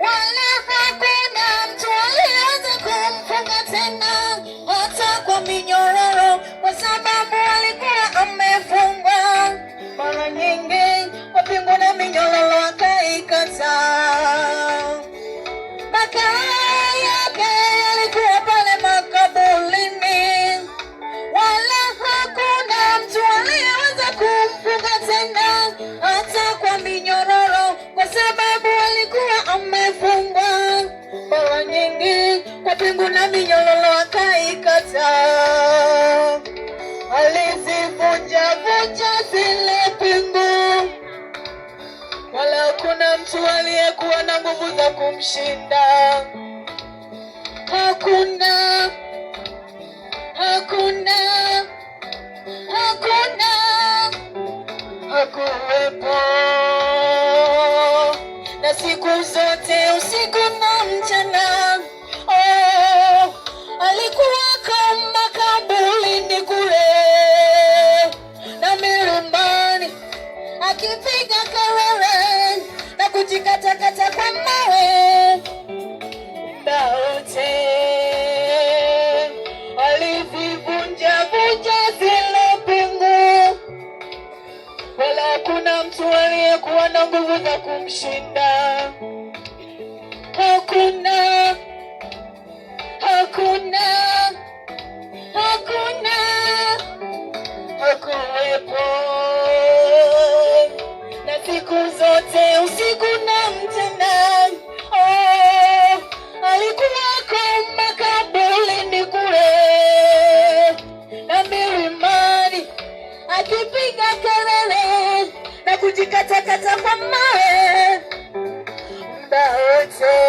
Wala hakuna mtu aliweza kumfunga tena. sababu alikuwa amefungwa mara nyingi kwa pingu na minyololo akaikata, alizivunja vunja zile pingu, wala hakuna mtu aliyekuwa na nguvu za kumshinda. Hakuna, hakuna, hakuna, hakuwepo. wakipiga kelele na kujikatakata kwa mawe, daute wote vunja zile pingu, wala hakuna mtu aliyekuwa na nguvu za kumshinda. zote usiku na mchana oh, alikuwako makaburini kule na milimani akipiga kelele na kujikatakata kwa mawe mda wote